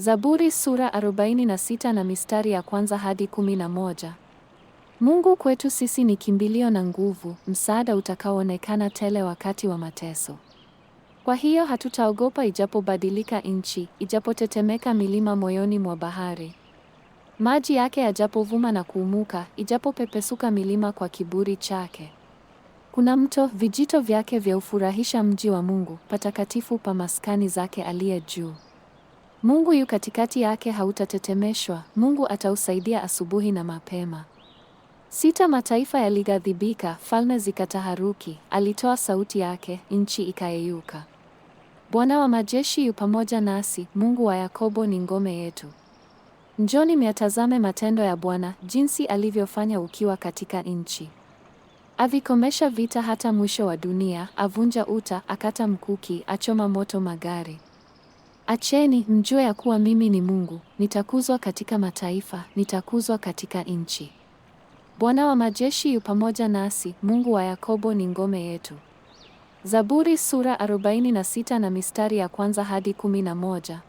Zaburi sura 46 na mistari ya kwanza hadi 11. Mungu kwetu sisi ni kimbilio na nguvu, msaada utakaoonekana tele wakati wa mateso. Kwa hiyo hatutaogopa ijapobadilika nchi, ijapotetemeka milima moyoni mwa bahari. Maji yake yajapovuma na kuumuka, ijapopepesuka milima kwa kiburi chake. Kuna mto, vijito vyake vya ufurahisha mji wa Mungu, patakatifu pa maskani zake aliye juu. Mungu yu katikati yake, hautatetemeshwa. Mungu atausaidia asubuhi na mapema. Sita, mataifa yalighadhibika, falme zikataharuki. Alitoa sauti yake, nchi ikayeyuka. Bwana wa majeshi yu pamoja nasi, Mungu wa Yakobo ni ngome yetu. Njoni myatazame matendo ya Bwana, jinsi alivyofanya ukiwa katika nchi. Avikomesha vita hata mwisho wa dunia, avunja uta, akata mkuki, achoma moto magari. Acheni mjue ya kuwa mimi ni Mungu, nitakuzwa katika mataifa, nitakuzwa katika nchi. Bwana wa majeshi yu pamoja nasi, Mungu wa Yakobo ni ngome yetu. Zaburi sura 46 na mistari ya kwanza hadi 11.